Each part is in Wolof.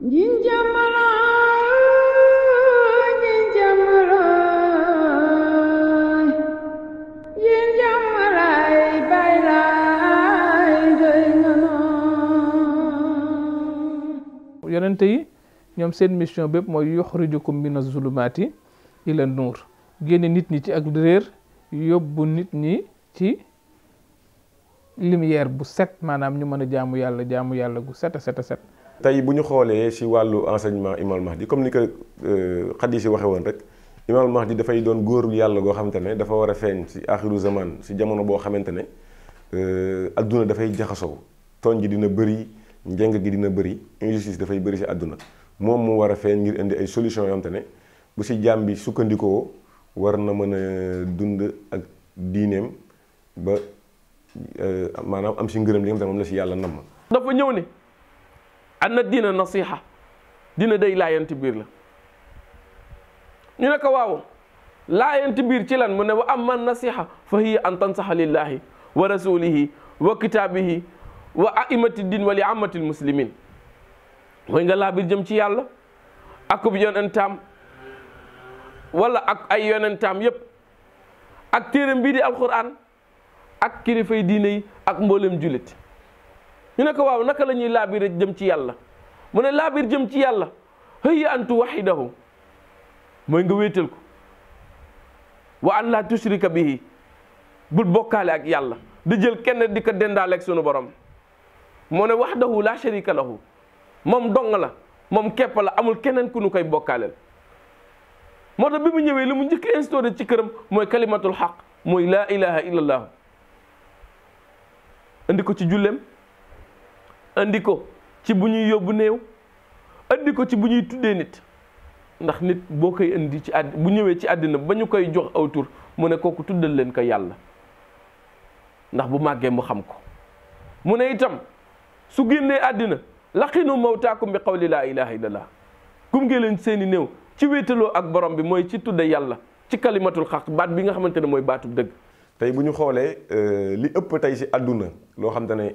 yonente yi ñoom seen mission bépp mooy yuxrijukum mina zulumaati ila nuur génne nit ñi ci ak réer yóbbu nit ñi ci lumière bu set maanaam ñu mën a jaamu yàlla jaamu yàlla gu set a set tey bu ñu xoolee si wàllu enseignement Imam Mahdi comme ni ko xaddi euh, si waxe woon rek Imam Mahdi dafay doon góor yàlla goo xamante ne dafa war a feeñ si axiru zaman si jamono boo xamante ne euh, adduna dafay jaxasoo tooñ gi dina bëri njëng gi dina bëri injustice dafay bëri si àdduna moom mu war a feeñ ngir indi ay solution yoo xamante ne bu si jaam bi sukkandikoo war na mën a dund ak diineem ba euh, maanaam am si ngërëm li nga xam moom la si yàlla namm dafa ñëw ne anna diina nasiha dina day laayanti biir la ñu ne ko waaw laayanti biir ci lan mu ne wa amma nasiha fa hiya an tansaha lillahi wa rasulihi wa kitaabihi wa aimati din wa li amati lmuslimin mooy nga laa biir jëm ci yàlla akub yonentaam wala ak ay yonentaam yépp ak téeram bii di alquran ak kilifay diine yi ak mboolem jullit ñu ne waaw naka lañuy ñuy laabire jëm ci yàlla mu ne laabir jëm ci yàlla hayya antu wahidahu mooy nga wéetal ko wa an laa tushrika bihi bul bokkaale ak yàlla di jël kenn di ko dendaale ak sunu borom moo ne wax wahdahu laa sharika lahu moom dong la moom képp la amul keneen ku nu koy bokkaaleel moo tax bi mu ñëwee li mu njëkk instauré ci këram mooy kalimatul xaq mooy laa ilaha illallah indi ko ci julleem andi ko ci bu ñuy yóbbu néew andi ko ci bu ñuy tuddee nit ndax nit boo koy indi ci àdd bu ñëwee ci àddina ba ñu koy jox aw tur mu ne kooku tuddal leen ko yàlla ndax bu màggee mu xam ko mu ne itam su génnee àddina laqinu mawtaakum bi qawli laa ilaha illallah gumge leen seeni néew ci wéetaloo ak borom bi mooy ci tudde yàlla ci kalimatul xaq baat bi nga xamante ne mooy baatub dëgg tey bu ñu xoolee euh, li ëpp tey si àdduna loo xam te ne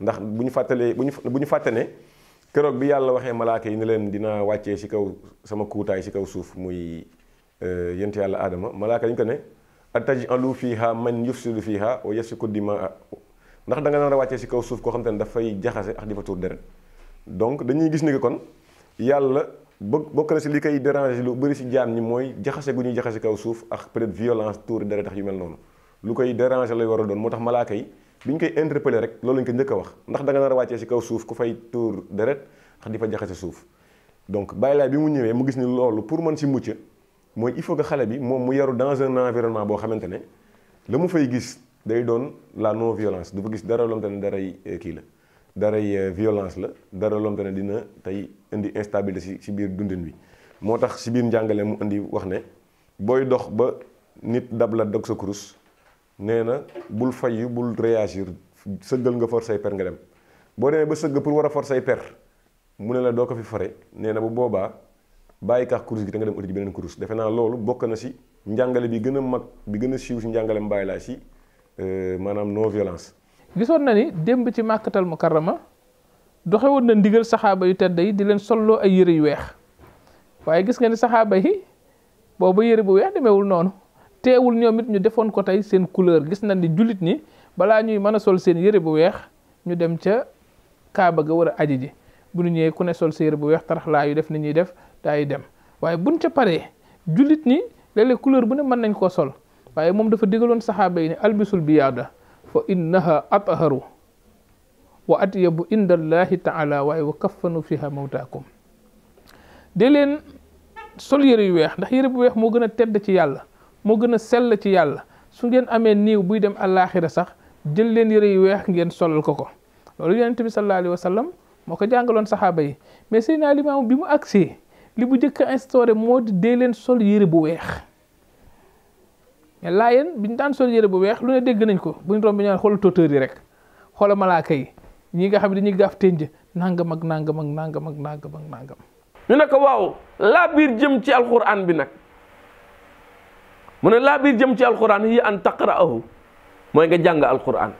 ndax bu ñu fàttalee bu ñu bu ñu fàtte ne keroog bi yàlla waxee malaaka yi ne leen dina wàccee ci kaw sama kuutaay ci kaw suuf muy euh, yent yàlla aadama malaaka dañu ko ne fii fiha man yufsidu fiha wa yasfiku dimaa ndax da nga nar wàccee ci kaw suuf koo xam te ne dafay jaxase ak di fa tuur deret donc dañuy gis ni kon yàlla bokk na ci li koy déranger lu bari ci jaam ñi mooy jaxase gu ñuy jaxase kaw suuf ak peut-être violence tuur deret tax yu mel noonu lu koy déranger lay war a moo tax malaaka yi bi ñu koy interpellé rek loolu lañ ko njëkk a wax ndax da nga nar a wàccee si kaw suuf ku fay tuur deret ndax di fa jaxase suuf donc bàyyi bi mu ñëwee mu gis ni loolu pour man si mucc mooy il faut que xale bi moom mu yaru dans un environnement boo xamante ne la mu fay gis day doon la non violence du fa gis dara lomte ne daray euh, kii la daray euh, violence la dara lomte ne dina tey indi instabilité si si biir dundin bi moo tax si biir njàngale mu indi wax ne booy dox ba nit dab dog sa kurus nee na bul fayyu bul réagir sëggal nga for say per nga dem boo demee ba sëgg pour war a for say per mu ne la doo ko fi fare nee na bu boobaa bàyyi kaax kurus gi te nga dem uti ci beneen kurus defe naa loolu bokk na si njàngale bi gën a mag bi gën a siiw si njàngale mbaay laa si euh, maanaam non violence. gisoon na ni démb ci màkkatal mukarrama doxewoon na ndigal saxaaba yu tedd yi di leen solloo ay yére yu weex waaye gis nga ni saxaaba yi boobu yére bu weex demeewul noonu. teewul ñoom it ñu defoon ko tey seen couleur gis nañ ni julit ñi balaa ñuy mën a sol seen yëre bu weex ñu dem ca kaaba ga war a aji ji bu ñu ñëwee ku ne sol sa yëre bu weex tarax laa yu def ni ñuy def daay dem waaye buñ ca paree julit ñi léeg-léeg couleur bu ne mën nañ koo sol waaye moom dafa digaloon saxaaba yi ni albisul biyaada fa innaha atharu wa atyabu inda allahi taala waaye wa kaffanu fiha mawtaakum de leen sol yëre yu weex ndax yëre bu weex moo gën a tedd ci yàlla moo gën a sell ci yàlla su ngeen amee niiw buy dem àllaaxira sax jël leen yére yu weex ngeen solal ko ko loolu yonent bi sallallahu alayhi wa sallam moo ko jàngaloon saxaaba yi mais Seydina Limaamu bi mu agsee li bu njëkk a moo di dee leen sol yére bu weex mais laayeen biñ daan sol yëre bu weex lu ne dégg nañ ko buñ romb ñaan xool tóotóor yi rek xoola malaaka yi ñi nga xam ne dañuy gaaf tënj nangam ak nangam ak nangam ak nangam ak nangam. ñu ne waaw laa biir jëm ci alxuraan bi nag. mune la bi jëm ci alquran hi an taqra'ahu moy nga jang alquran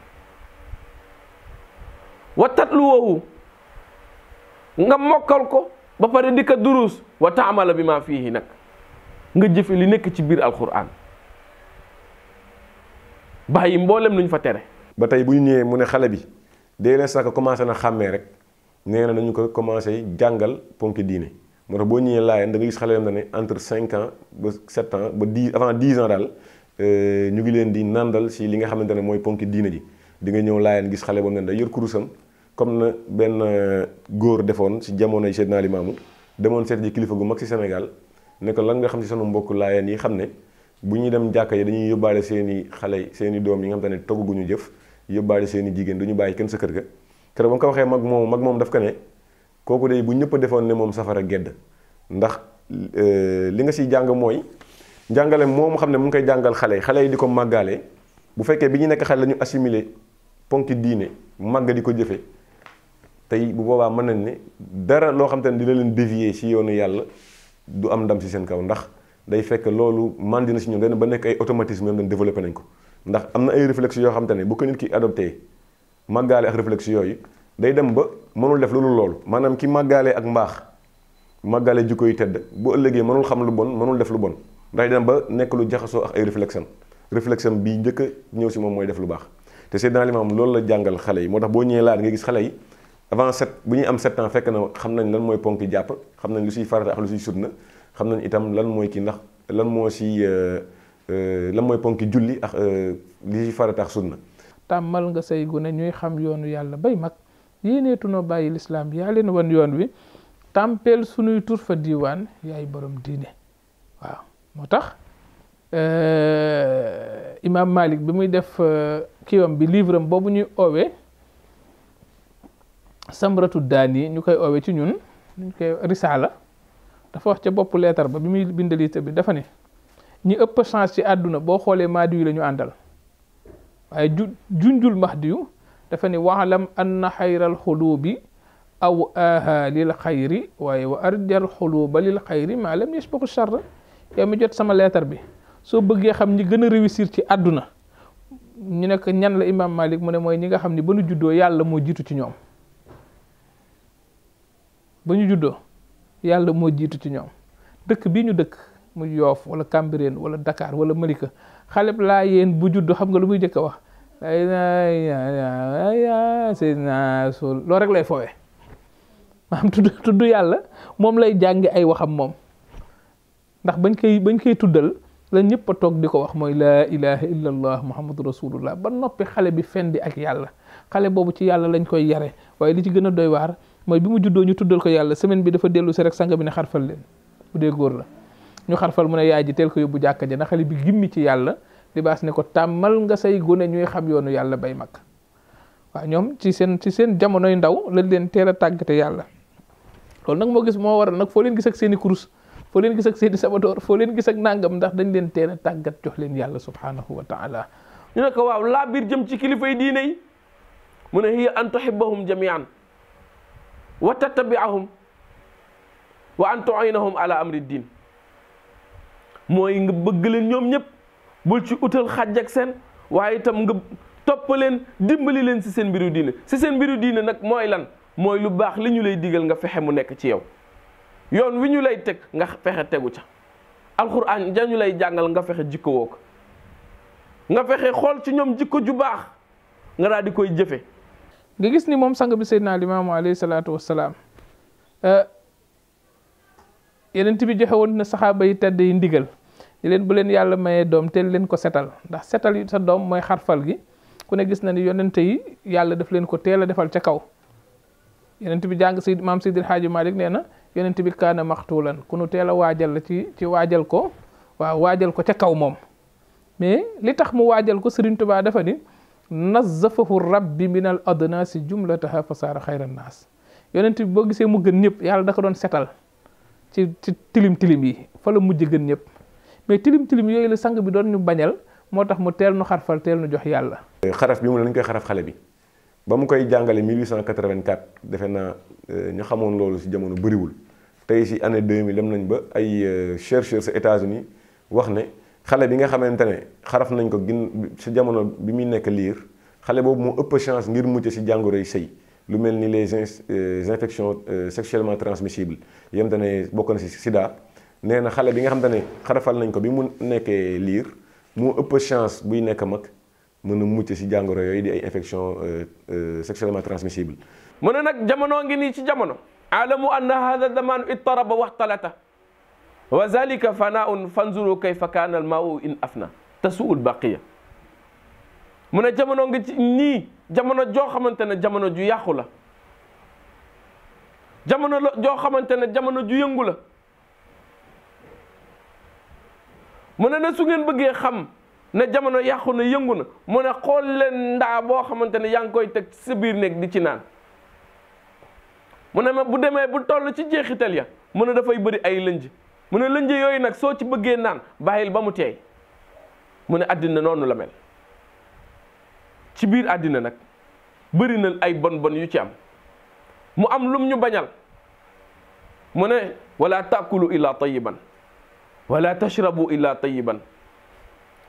wa tatluhu nga mokal ko ba pare di durus, duruus wa ta'mal bima fihi nak nga jëfe li nek ci bir alquran bayyi mbollem nuñ fa téré ba tey bu ñu ñëwee bi dee sax commencé na xamé rek néna nañu ko commencé jangal ponk diiné moo tax boo ñëwee laayeen da nga gis xale yam ne entre cinq ans ba sept ans ba dix avant dix euh, ñu ngi leen di nandal si li nga xamante ne mooy ponki diina ji di nga ñëw laayeen gis xale boobu ne day yor kurusam comme na benn euh, góor defoon si jamonoy Seydina Limaamu demoon seet ji kilifa gu mag si Sénégal ne lan nga xam si sunu mbokk laayeen yi xam ne bu ñuy dem jàkka yi dañuy yóbbaale seen i xale doom yi nga xam ne togguñu jëf yóbbaale seeni jigéen du ñu bàyyi kenn sa kër ga keroog ba mu ko waxee mag moom mag moom daf ko ne kooku de bu ñëpp defoon ne moom safara gedd ndax euh, li nga siy jàng mooy njàngale moom xam ne mu ngi koy jàngal xale yi xale yi di ko màggaale bu fekkee bi ñu nekk xale la ñu assimilé ponki diine màgg di ko jëfe tey bu boobaa mën nañ ne dara loo xam te ne dina leen dévier si yoonu yàlla du am ndam si seen kaw ndax day fekk loolu màndi na si ñoom dañ ba nekk ay automatisme yoo xam ne développé nañ ko ndax am na ay réflexes yoo xam te ne bu ko nit ki adopté màggaale ak réflexes yooyu day dem ba mënul def lu lu lool maanaam ki màggaale ak mbaax màggaale jikko yu tedd bu ëllëgee mënul xam lu bon mënul def lu bon ndax dem ba nekk lu jaxasoo ak ay réflexion réflexion bi njëkk ñëw si moom mooy def lu baax te Seydina Limaamu loolu la jàngal xale yi moo tax boo ñëwee laa laat nga gis xale yi avant sept bu ñuy am sept ans fekk na xam nañ lan mooy ponki jàpp xam nañ lu siy farata ak lu siy sunna xam nañ itam lan mooy kii ndax lan moo si euh, euh, lan mooy ponki julli ak euh, li siy farata ak tàmmal nga say gune ñuy xam yoonu yàlla bay mag yéeneetunoo bàyyi lislaam yaa leen wan yoon wi tàmpeel sunuy tur fa diiwaan yaay borom diine waaw moo tax euh, imaam Malik bi muy def euh, kiiwam bi livre am boobu ñuy oowee samratu daan yi ñu koy oowee ci ñun ñu koy risaala dafa wax ca boppu leetar ba bi muy bindalite bi dafa ne ñi ëpp chance ci àdduna boo xoolee mahdi yu la àndal waaye ju junjul mahdi dafa ni waalam anna xayral xuluubi aw aha lil xayri waaye wa arjal xuluuba lil xayri maa lam yasbuqu charra yow mi jot sama leetar bi soo bëggee xam ñi gën a réussir ci àdduna ñu nekk ñan la imam malik mu ne mooy ñi nga xam ni ba ñu juddoo yàlla moo jiitu ci ñoom ba ñu juddoo yàlla moo jiitu ci ñoom dëkk bi ñu dëkk mu yoof wala Cambérène wala dakaar wala Malika xaleb laa yéen bu juddoo xam nga lu muy njëkk a wax Seydina Rasul loolu rek lay fowe maanaam tudd tudd yàlla moom lay jàngi ay waxam moom ndax bañ koy bañ koy tuddal la ñëpp a toog di ko wax mooy laa ilaha illa allah muhammadu rasulullah ba noppi xale bi fendi ak yàlla xale boobu ci yàlla lañ koy yare waaye li ci gën a doy waar mooy bi mu juddoo ñu tuddal ko yàlla semaine bi dafa dellu si rek sanga bi ne xarfal leen bu dee góor la ñu xarfal mu ne yaay ji teel ko yóbbu jàkka ja na xale bi gimmi ci yàlla libaas ne ko tàmmal nga say gone ñuy xam yoonu yàlla bay mag waaw ñoom ci seen ci seen jamonoy ndaw lañ leen teel a tàggate yàlla loolu nag moo gis moo waral nag foo leen gis ak seeni kurus foo leen gis ak seeni sabadoor foo leen gis ak nangam ndax dañ leen teel a tàggat jox leen yàlla subhanahu wa taala ñu ne waaw laa biir jëm ci kilifa yi diine yi mu ne hiya an tuhibbahum jamian wa tattabiahum wa an tuinahum ala amri mooy nga bëgg leen ñoom ñëpp bul ci utal xaj ak seen waaye itam nga topp leen dimbali leen si seen mbiru diine si seen mbiru diine nag mooy lan mooy lu baax li ñu lay digal nga fexe mu nekk ci yow yoon wi ñu lay teg nga fexe tegu ca alxuraan ja ñu lay jàngal nga fexe jikko woo ko nga fexe xool ci ñoom jikko ju baax nga daal di koy jëfe nga gis ni moom sang bi Seydina Limaamu alayhi salaatu wa salaam eh, yeneen bi joxe woon na saxaaba yi tedd yi ndigal di leen bu leen yàlla mayee doom teel leen ko setal ndax setal sa doom mooy xarfal gi ku ne gis na ni yonente yi yàlla daf leen ko teel a defal ca kaw yonente bi jàng si maam Seydil Haaji malik nee na yonent bi kaana maxtuulan ku nu teel a waajal la ci ci waajal ko waaw waajal ko ca kaw moom mais li tax mu waajal ko Serigne Touba dafa ni nazafahu rabbi min al adnaasi jumlataha fa fasaara xayra naas yonent bi boo gisee mu gën ñëpp yàlla da ko doon setal ci ci tilim tilim yi fa la mujj gën ñëpp mais tilim tilim yooyu la sang bi doon ñu bañal moo tax mu teel nu xarfal teel nu jox yàlla. xaraf bi mu ne lañ koy xaraf xale bi ba mu koy jàngale 1884 defe na euh, ñu xamoon loolu si jamono bëriwul tey si année 2000 dem nañ ba ay euh, chercheurs sa États-Unis wax ne xale bi nga xamante ne xaraf nañ ko gin si jamono bi muy nekk liir xale boobu moo ëpp chance ngir mucc si jàngoroy sëy lu mel ni les euh, infections sexuellement transmissibles yem te ne bokk na si sida nee xale bi nga xamantene ne xarafal nañ ko bi mu nekkee lire mo ëpp chance buy nekk mak mëna mucc ci jàngoro yoy di ay infection euh, euh, sexuellement transmissible mëna nak jamono ngi ni ci jamono aalamu anna zaman ittarab wa ihtalata wa zalika fanaun fanzuru kayfa kana al mau in afna tasuul baqiya mëna jamono ngi ci ni jamono jo xamantene jamono ju yaxula jamono jo xamantene jamono ju yëngula mu ne na su ngeen bëggee xam ne jamono yàqu na yëngu na mu ne xool leen ndaa boo xamante ne yaa ngi koy teg sa biir néeg di ci naan mu ne ma bu demee bu toll ci jeexital ya mu ne dafay bëri ay lënj mu ne lënj yooyu nag soo ci bëggee naan bàyyil ba mu teey mu ne àddina noonu la mel ci biir àddina nag bëri na ay bon bon yu ci am mu am lum ñu bañal mu ne wala taakulu illa tayiban ولا تشربوا إلا طيبا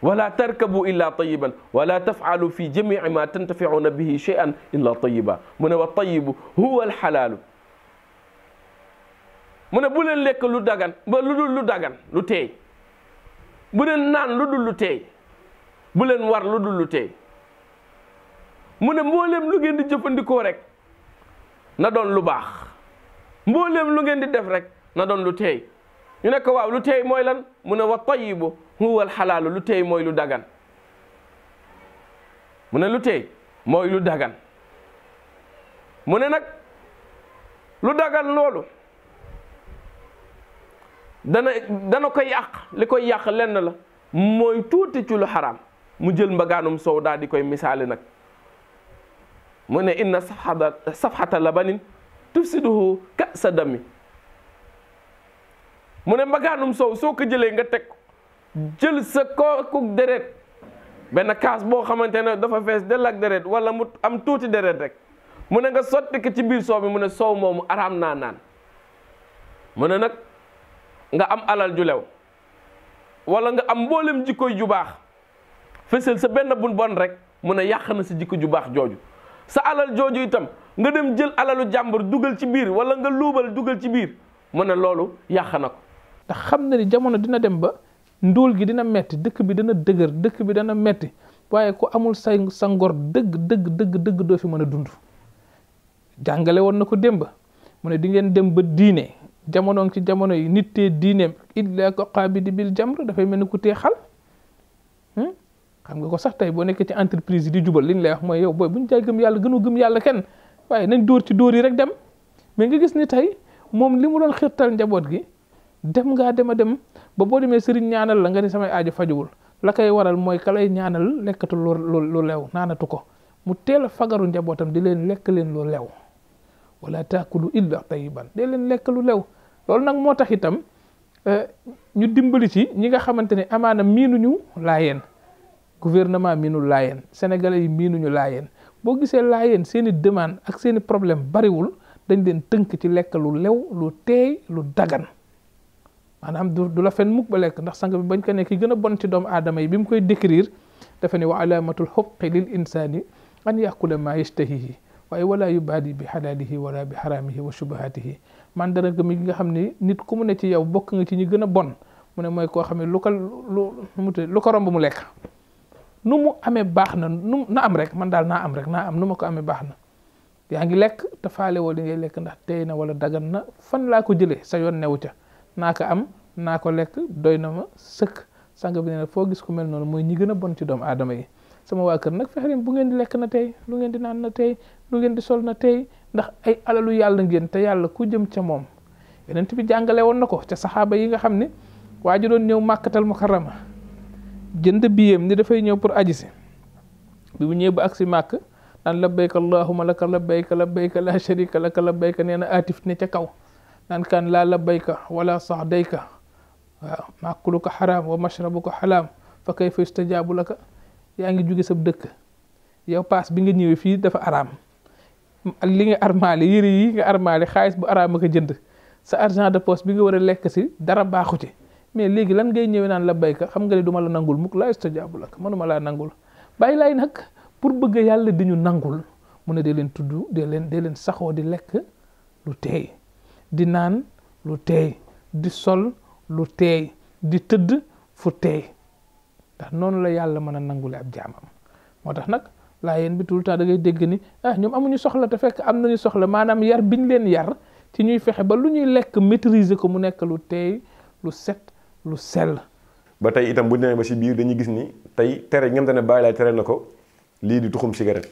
ولا تركبوا إلا طيبا ولا تفعلوا في جميع ما تنتفعون به شيئا إلا طيبا من والطيب هو الحلال من بولن لك لو دغان با لو دغان لو تي بولن نان لودول لو تي بولن وار لودول لو تي من مولم لو ngeen di jëfëndiko rek na doon lu baax mbolem lu ngeen di ñu nekk waaw lu tey mooy lan mu ne wa tayibu huwa alxalaalu lu tey mooy lu dagan mu ne lu tey mooy lu dagan mu ne nag lu dagan loolu dana dana ko yàq li ko yàq lenn la mooy tuuti ci lu mu jël mbagaanum soow di koy misaale nag mu ne inna safxata safxata labanin tufsiduhu ka sa dami mu ne mbagaanum soow soo ko jëlee nga teg jël sa kookuk deret benn kaas boo xamante ne dafa fees dell ak deret wala mu am tuuti deret rek mu ne nga sotti ko ci biir soow bi mu ne soow moomu araam naa naan mu ne nag nga am alal ju lew wala nga am mboolem jikko ju baax fësal sa benn bun bon rek mu ne yàq na sa jikko ju baax jooju sa alal jooju itam nga dem jël alalu jàmbur dugal ci biir wala nga luubal dugal ci biir mu ne loolu yàq na ko ndax xam na ni jamono dina dem ba ndóol gi dina metti dëkk bi dana dëgër dëkk bi dana metti waaye ko amul say sa ngor dëgg dëgg dëgg doo fi mën a dund jàngale woon na ko démb mu ne di ngeen dem ba diine jamono ci jamono yi nit tee diineem illa ko qaabidi bil jamr dafay mel ni ku tee xal hmm? xam nga ko sax tey boo nekkee ci entreprise yi di jubal li ñu lay wax mooy yow booy bu ñu jaay gëm yàlla gënu gëm yàlla kenn waaye nañ dóor ci dóor yi rek dem mais nga gis ni tey moom li mu doon xirtal njaboot gi dem nga dem dem ba bo demé serigne ñaanal la nga ni samay aajo fajuul la kay waral moy ka ñaanal lekatu lu lu lew ko mu fagaru njabotam di leen lek leen lu lew wala taakulu illa tayyiban de leen lek lu lew lol nak moo tax itam eh, ñu dimbali ci ñi nga xamantene amana amaana ñu layen gouvernement minu layen sénégalais yi minu nyu boo gisee laayeen seen i demande ak seen problème bari wul dañ leen teunk ci lek lu lew lu tey lu dagan manam du du la fen muk ba lekk ndax sang bi bañ ko nek ki gën bon ci doom adama yi bi koy décrire dafa ni wa alamatul huqq lil insani an yàqula maa yashtahihi ay wala yubadi bi halalihi wala bi haramihi wa shubahatihi man dara gëm yi nga xamni nit ku mu ne ci yow bok nga ci ñi gëna bon mu ne mooy koo xam ne lu ko lu lu ko romb mu lek nu mu amé baxna nu na am rek man dal na am rek na am nu mako amé baxna yaangi lek yaa ngi faale woo li ngay lek ndax teyna wala dagan na fan la ko jëlé sa yon newu ca naa ko am naa ko lekk doy na ma sëkk sàng bi nee foo gis ko mel noonu mooy ñi gën a bon ci doomu aadama yi sama waa kër nag fexe leen bu ngeen di lekk na tey lu ngeen di naan na tey lu ngeen di sol na tey ndax ay alalu yàlla ngeen te yàlla ku jëm ca moom yonent bi jàngale woon na ko ca saxaaba yi nga xam ne waa ji doon ñëw màkkatal mukarrama jënd biyeem ni dafay ñëw pour aji si bi mu ñëw ba agsi màkk naan labbayka allahumma laka labbayka labbayka la sharika laka labbayka nee na atif ne ca kaw naan kaan laa labayka wala saxdayka waaw maakuluka xaraam wa ko xalaam fa kayfa yustajaabu laka yaa ngi juge sab dëkk yow paas bi nga ñëwee fii dafa araam li nga armaale yére yi nga armaale xaalis bu araam ak a jënd sa argent de poste bi nga war a lekk si dara baaxu ci mais léegi lan ngay ñëwee naan la bayka xam nga ne duma la nangul mukk laa yustajaabu laka mënuma laa nangul bàyyi laay nag pour bëgg yàlla di ñu nangul mu ne dee leen tudd dee leen dee leen saxoo di lekk lu di naan lu teey di sol lu teey di tëdd fu teey ndax noonu la yàlla mën a nangule ab jaamam moo tax nag laa laayeen bi tout le temps da ngay dégg ni ah ñoom amuñu soxla te fekk am nañu soxla maanaam yar bi biñ leen yar ci ñuy fexe ba lu ñuy lekk maîtriser ko mu nekk lu teey lu set lu sel ba tey itam bu ñu demee ba si biir dañuy gis ni tey tere gi nga ne bàyyi laay tere na ko lii di tuxum cigarette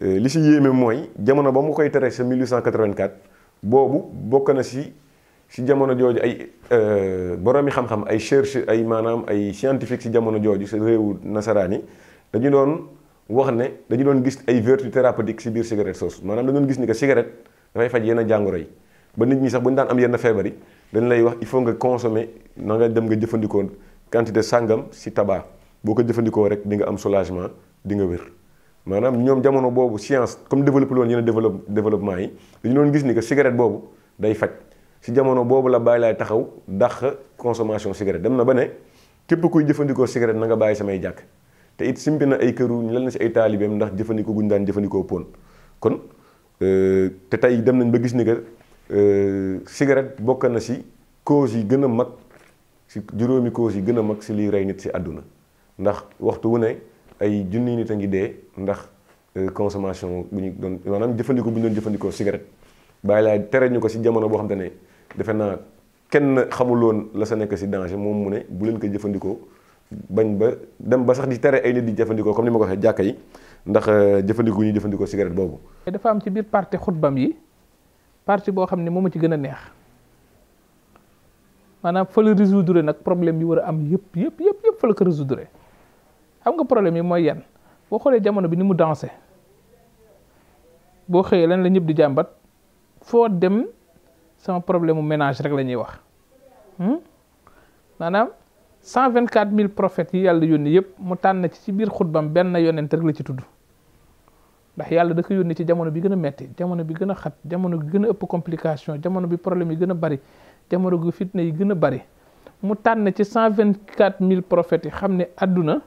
euh, li si yéeme mooy jamono ba mu koy tere sa 1884. boobu bokk na si si jamono jooju ay euh, boromi xam-xam ay cherche ay maanaam ay scientifique si jamono jooju si réewu nasaraan yi dañu doon wax ne dañu doon gis ay vertu thérapeutique si biir cigarette soosu maanaam dañu doon gis ni que cigarette dafay faj yenn jàngoro yi ba nit ñi sax bu ñu daan am yenn feebar yi dañ lay wax il faut nga consommer na nga dem nga jëfandikoo quantité sàngam si tabac boo ko jëfandikoo rek di nga am solagement di nga wér. maanaam ñoom jamono boobu science comme développé loon yenn développe développement yi dañu doon gis ni que cigarette boobu day faj si jamono boobu la bàyyi laay taxaw dàq consommation cigarette dem na ba ne képp kuy jëfandikoo cigarette na nga bàyyi samay jàkk te it simpi na ay këru ñu lan na si ay taalibeem ndax jëfandikoo guñ daan jëfandikoo pon kon euh, te tey dem nañ ba gis ni que euh, cigarette bokk na si cause yi gën a mag si juróomi cause yi gën a mag si liy rey nit si àdduna ndax waxtu wu ne ay junniy nit a ngi dee ndax euh, consommation bu ñu doon maanaam jëfandikoo bu ñu jëfandikoo cigarette bàyyi laay tere ñu ko si jamono boo xam te ne defe naa kenn xamuloon la sa nekk si danger moom mu ne bu leen ko jëfandikoo bañ ba dem ba sax di tere ay nit di jëfandikoo comme ni ma ko waxee jàkk yi ndax euh, jëfandikoo ñuy jëfandikoo cigarette boobu. dafa am ci biir parti xutbam yi parti boo xam ne moom ci gën a neex maanaam fa la résoudre nag problème yi war a am yëpp yëpp yëpp yëpp xam nga problème yi mooy yan boo xoolee jamono bi ni mu danser boo xëyee lan la ñëpp di jàmbat foo dem sama problème ménage rek la ñuy wax hmm? maanaam cent vingt quatre mille prophètes yi yàlla yónni yëpp mu tànn ci ci biir xutbam benn yonent rek la ci tudd ndax yàlla da ko yónni ci jamono bi gën a metti jamono bi gën a xat jamono bi gën a ëpp complication jamono bi problème yi gën a bari jamono bi fitna yi gën a bari mu tànn ci cent vingt quatre mille prophètes yi xam ne àdduna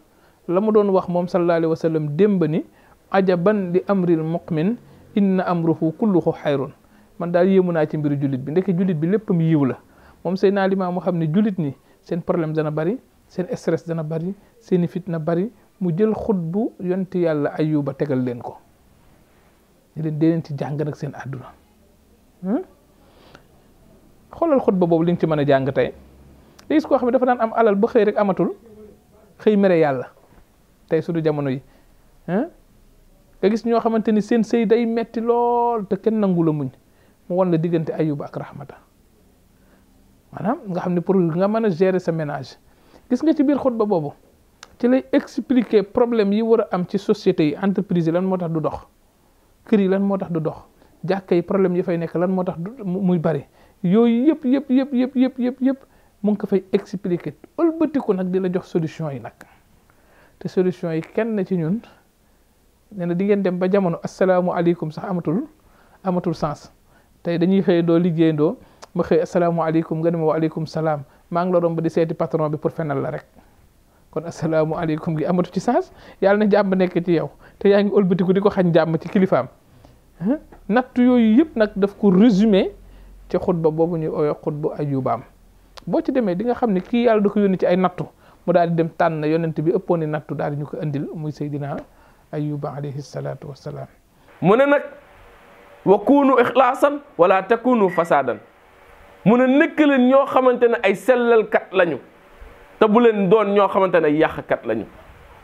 la mu doon wax moom sallallahu alayhi wa sallam démb ni ajaban li amril muqmin inna amruhu kulluhu xayrun man daal yéemu naa ci mbiru jullit bi ndeke jullit bi léppam yiw la moom seen naa xam ne jullit ni seen problème dana bari seen stress dana bari seeni na bari mu jël xutbu yonti yàlla ayuba tegal leen ko ñu leen dee leen ci jàng nag seen àdduna hmm? xoolal xutba boobu li nga ci mën a jàng tey gis koo xam ne dafa daan am alal ba xëy rek amatul xëy mere tay suñu jamono yi hein nga gis ño xamanteni metilol seen sey day metti lool te kenn nangula muñ mu won la digënté ayuba ak rahmata manam nga xamni pour nga mëna gérer sa ménage gis nga ci biir xutba boobu ci lay expliquer problème yi wara am ci société yi entreprise yi lan moo tax du dox kër yi lan moo du dox jàkka problème yi fay nekk lan moo tax muy bari yooyu yep yëpp yëpp yëpp yëpp yëpp yëpp mu ngi ko fay expliquer ëlbatiku nag di la jox solution yi nag te solution yi kenn ci ñun nee na di ngeen dem ba jamono asalaamualeykum sax amatul amatul sens tey dañuy xëy doo liggéeyandoo ma xëy asalaamualeykum nga ne ma waaleykum salaam maa ngi la romb di seeti patron bi pour fenal la rek kon asalaamualeykum gi amatu ci sens yàlla na ba nekk ci yow te yaa ngi ëlbatiku di ko xañ jàmm ci kilifaam natt yooyu yëpp nag def ko résumé ci xutba boobu ñuy ooyo xutba ayubaam boo ci demee di nga xam ne kii yàlla da ko yónni ci ay nattu mu daal di dem tànn yonent bi ëppoon nattu daal di ñu ko andil muy sayidina Ayuba alayhi salaatu wa salaam. mu ne nag wa kunu ixlaasan wala takunu fasaadan mu ne nekk leen ñoo xamante ne ay sellalkat lañu te bu leen doon ñoo xamante ne ay yàqkat lañu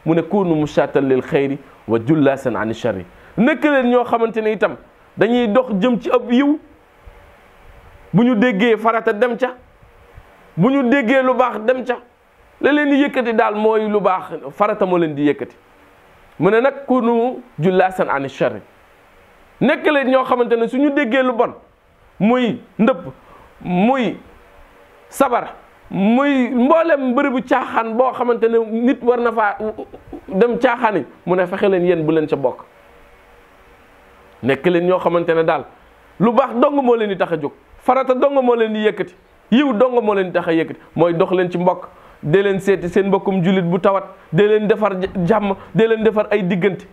mu ne kuunu musaatan lil xayri wa jullaasan an sharri nekk leen ñoo xamante ne itam dañuy dox jëm ci ab yiw bu ñu déggee farata dem ca bu ñu déggee lu baax dem ca. la leen di yëkkati daal mooy lu baax farata moo leen di yëkkati mu ne nag kunu jullaasan ani sharri nekk leen ñoo xamante ne suñu déggee lu bon muy ndëpp muy sabar muy mboolem bërëbu caaxaan boo xamante ne nit war na faa dem caaxaani mu ne fexe leen yéen bu leen ca bokk nekk leen ñoo xamante ne daal lu baax dong moo leen di tax a jóg farata dong moo leen di yëkkati yiw dong moo leen di tax a yëkkati mooy dox leen ci mbokk de leen seeti seen mbokkum jullit bu tawat de leen defar jàmm de leen defar ay diggante.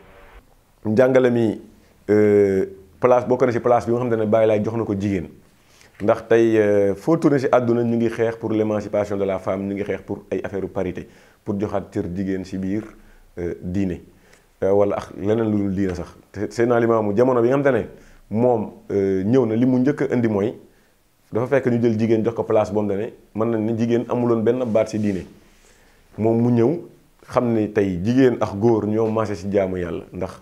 njàngale mi euh, place bokk na si place bi nga xam ne bàyyi laay jox na ko jigéen ndax tey euh, foo tourné si àdduna ñu ngi xeex pour l'émancipation de la femme ñu ngi xeex pour ay affaire parité pour joxaat cër jigéen ci biir euh, diine wala ak leneen lu dul diine sax seen aliment Limaamu jamono bi nga xam ne moom ñëw na li mu njëkk a indi mooy. dafa fekk ñu jël jigéen jox ko place boobu ne mën nañ ni jigéen amuloon benn baat ci diine moom mu ñëw xam ni tey jigéen ak góor ñoo maase si jaamu yàlla ndax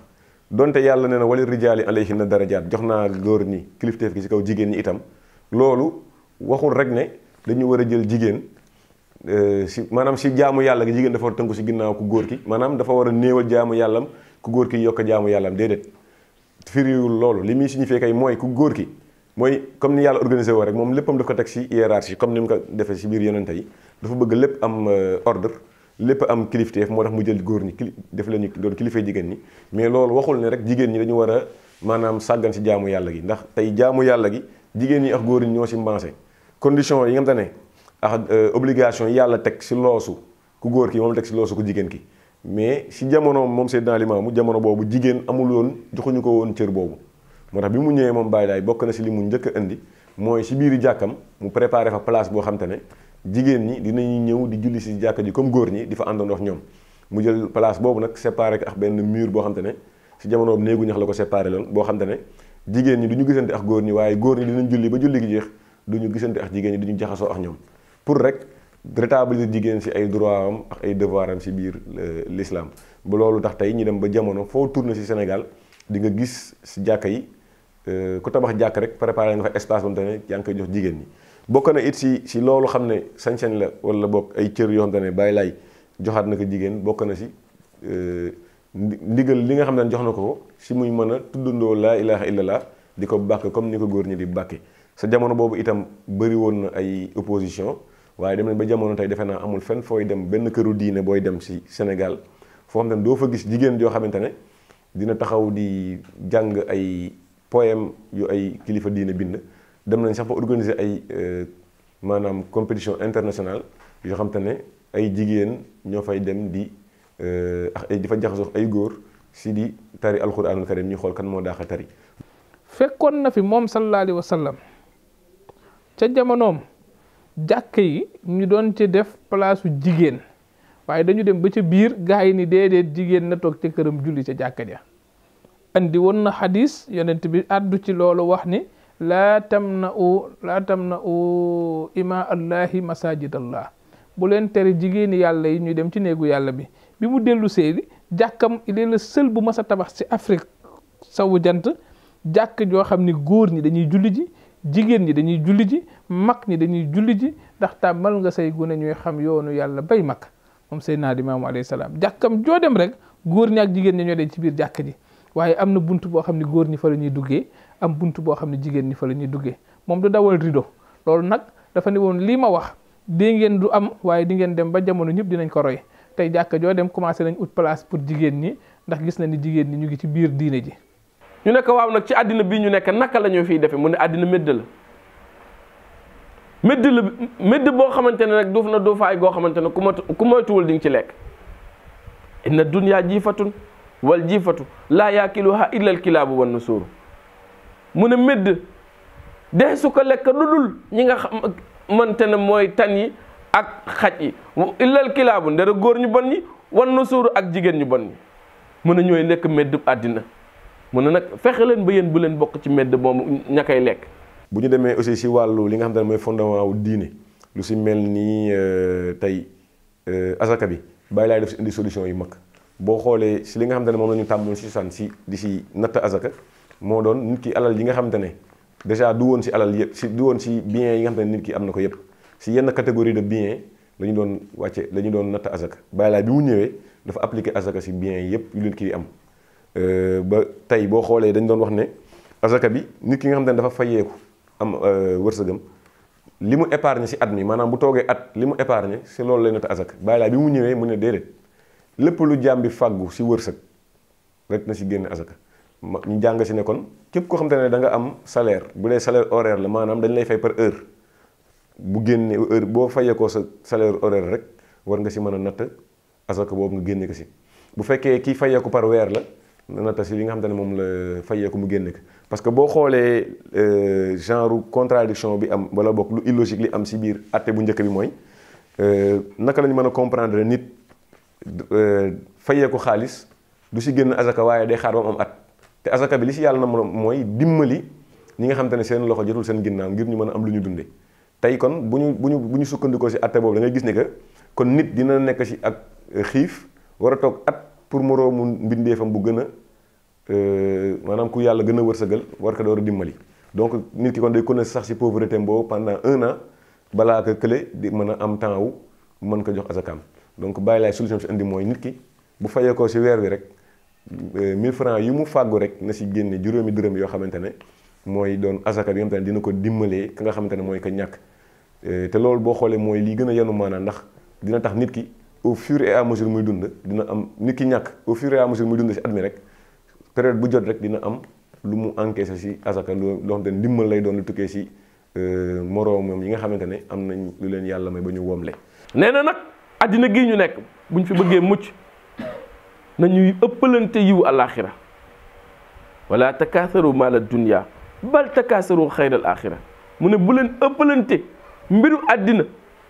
donte yàlla nee na wali rijaali alayhinna darajaat jox naa góor ni kilifteef gi si kaw jigéen ñi itam loolu waxul rek ne dañu war a jël jigéen si euh, maanaam si jaamu yàlla gi jigéen dafa war tënku si ginnaaw ku góor ki maanaam dafa war a néewal jaamu yàllam ku góor ki yokk jaamu yàllam déedéet firiwul loolu li muy signifié kay mooy ku góor ki mooy comme ni yàlla organisé woo rek moom léppam daf ko teg ci hiérarchie comme ni mu ko defee ci biir yonente yi dafa bëgg lépp am euh, ordre lépp am kilifteef moo tax mu jël góor ñi kili def leen ñu doon kilifee jigéen ñi mais loolu waxul ne rek jigéen ñi dañu war a maanaam sàggan si jaamu yàlla gi ndax tey jaamu yàlla gi jigéen ñi ak góor ñi ñoo ci mbancé condition yi nga ne ak ah, euh, obligation yàlla teg ci loosu ku góor ki moom teg ci loosu ku jigéen ki mais ci jamono moom Seydina Limaamu jamono boobu jigéen amul woon joxuñu ko woon cër boobu moo tax bi mu ñëwee moom Baye Laay bokk na si li mu njëkk a indi mooy si biir jàkkam mu préparé fa place boo xam ne jigéen ñi dinañu ñëw di julli si jàkk ji comme góor ñi di fa àndandoo ak ñoom mu jël place boobu nag séparé ko ak benn mur boo xam ne si jamono néegu ñax la ko séparé loon boo xam ne jigéen ñi du ñu gisante ak góor ñi waaye góor ñi dinañ julli ba julli gi jeex du ñu gisante ak jigéen ñi du ñu jaxasoo ak ñoom pour rek rétablir jigéen si ay droit am ak ay devoir am si biir euh, l'islam ba loolu tax tey ñu dem ba jamono foo tourné si Sénégal di nga gis si jàkka yi Euh, ku tabax jàkk rek préparé nga fa espace ba mu yaa ngi koy jox jigéen ñi bokk na it si si loolu xam ne sañ la wala bokk ay cër yoo xam ne bàyyi laay joxaat na ko jigéen bokk na si euh, ndigal li nga xam ne jox na ko si muy mën a tuddandoo laa ilaha illallah di ko bàkk comme ni ko góor ñi di bàkke sa jamono boobu itam bëri woon na ay opposition waaye dem ba jamono tey defe naa amul fenn fooy dem benn këru diine booy dem si Sénégal foo xam doo fa gis jigéen joo xamante ne dina taxaw di jàng ay poème yu ay kilifa diine bind dem nañ sax ba organiser ay euh, maanaam compétition internationale yoo xam te ne ay jigéen ñoo fay dem di euh, ak ay jaxasoo ay góor si di tari alxuraanul karim ñu xool kan moo daax a tari. fekkoon na fi moom sallallahu alayhi wa sallam ca jamonoom jàkk yi ñu doon ci def palaasu jigéen waaye dañu dem ba ca biir gaa yi ni déedéet jigéen na toog ca këram julli ca jàkka ja andi woon na xadis yonent bi àddu ci loolu wax ni laa tamna u laa na u ima allahi masajid allah bu leen tere jigéeni yàlla yi ñuy dem ci néegu yàlla bi bi mu dellu seedi jàkkam il est le seul bu mas a tabax ci Afrique sawu jant jàkk joo xam ni góor ñi dañuy julli ji jigéen ñi dañuy julli ji mag ñi dañuy julli ji ndax tàmmal nga say gune ñuy xam yoonu yàlla bay mag moom Seydina Limaamu alayhi salaam jàkkam joo dem rek góor ñi jigéen ñi ñoo dem ci biir jàkk ji waaye am na bunt boo xam ne góor ñi fa la ñuy duggee am bunt boo xam ne jigéen ñi fa la ñuy duggee moom du dawal rideau loolu nag dafa ne woon lii ma wax dee ngeen du am waaye di ngeen dem ba jamono ñëpp dinañ ko roy tey jàkka joo dem commencé nañ ut place pour jigéen ñi ndax gis na ni jigéen ñi ñu ngi ci biir diine ji. ñu nekk waaw nag ci àddina bii ñu nekk naka la ñu fiy defee ne àddina médd la médd boo xamante ne nag duuf na duufaay goo xamante ne ku ma ku moytuwul di nga ci lekk inna dunya jiifatun wal jiifatu laa yaakiluha illa al kilaabu wan nusuuru mu ne medd de su ko lekk dudul ñi nga xam xamante ne mooy tan yi ak xaj yi illa al kilaabu ndere góor ñu bon ñi wan nusuuru ak jigéen ñu bon ñi mu ne ñooy lekk médd àddina mun ne nag fexe leen ba yéen bu leen bokk ci medd moomu ña koy lekk bu ñu demee aussi si wàllu li nga xam ne mooy fondement wu diine lu si mel nii euh, tey euh, asaka bi bàyyi laay def si indi solution yu mag boo xoolee si li nga xamante ne moom la ñu tàmbaloon si cosaan si di si natt azaka moo doon nit ki alal yi nga xamante ne déjà du woon si alal yëpp si du woon si bien yi nga xamante nit ki am na ko yëpp si yenn catégorie de la ñu doon wàcce la ñu doon natt azaka bàyyi laay mu ñëwee dafa appliquer azaka si biens yëpp yu leen kii di euh, ba tey boo xoolee dañ doon wax ne azaka bi nit ki nga xamante ne dafa fayeeku am euh, wërsëgam li mu épargne si at mi maanaam bu toogee at li mu épargne si loolu lay natt azaka bàyyi laay bi mu ñëwee mu ne déedéet lépp lu jaam bi fàggu si wërsëg rek na si génn asaka ma ñu jàng si ne kon képp koo xam te ne da nga am salaire bu dee salaire horaire la maanaam dañ lay fay par heure bu génne heure boo fayee ko sa salaire horaire rek war nga si mën a natt asaka boobu nga génne ko si bu fekkee kii fayee ko par weer la natta si li nga xam te ne moom la fayee ko mu génne ko parce que boo xoolee euh, genre contradiction bi am wala bokk lu illogique li am si biir atte bu njëkk bi mooy euh, naka lañu mën a comprendre nit Euh, fayee ko xaalis du si génn azaka waaye day xaar ba mu am at te azaka bi li si yàlla na moom mooy dimbali ñi nga xam te ne seen loxo jotul seen ginnaaw ngir ñu mën a am lu ñu dunde tey kon bu ñu bu ñu bu ñu sukkandikoo si atte boobu dangay gis ne que kon nit dina nekk si ak xiif war a toog at pour moroomu mbindeefam bu gën a euh, maanaam ku yàlla gën a wërsëgal war ko war a dimbali donc nit ki kon day connaître sax si pauvreté boobu pendant un an balaa ko kële di mën a am temps mën ko jox azakaam donc bàyyi laay solution bi si indi mooy nit ki bu fayee ko si weer wi rek 1000 euh, francs yu mu fàggu rek na si génne juróomi dërëm yoo xamante ne mooy doon asaka bi nga xamante dina ko dimbalee ka nga xamante ne mooy ko ñàkk euh, te loolu boo xoolee mooy lii gën a yenu maanaam ndax dina tax nit ki au fur et à mesure muy dund dina am nit ki ñàkk au fur et à mesure muy dund si at mi rek période bu jot rek dina am lu mu encaissé si asaka loo xam te ne ndimbal lay doon lu tukkee si euh, moroomam yi nga xamante ne am nañ lu leen yàlla may ba ñu womle nee na nag àddina gi ñu nekk buñ fi bëggee mucc nañuy ëppalante yiw alaaxira wala takaasaru maala dunya bal takaasaru xayral aaxira mu ne bu leen ëppalante mbiru àddina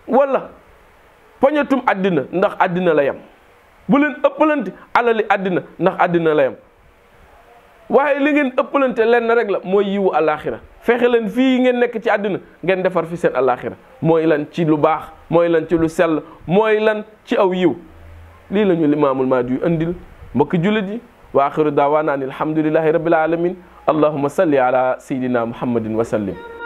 walla poñetum àddina ndax àddina la yam bu leen ëppalante alali àddina ndax àddina la yam waaye li ngeen ëppalante lenn rek la mooy yiwu àllaaxira fexe leen fii ngeen nekk ci àddina ngeen defar fi seen àllaaxira mooy lan ci lu baax mooy lan ci lu sell mooy lan ci aw yiw lii lañu ñu limaamul maadi yu mbokki jullit yi wa axiru daawaana an alhamdulillahi rabbil alamin allahuma salli ala sayidina muhammadin wa sallim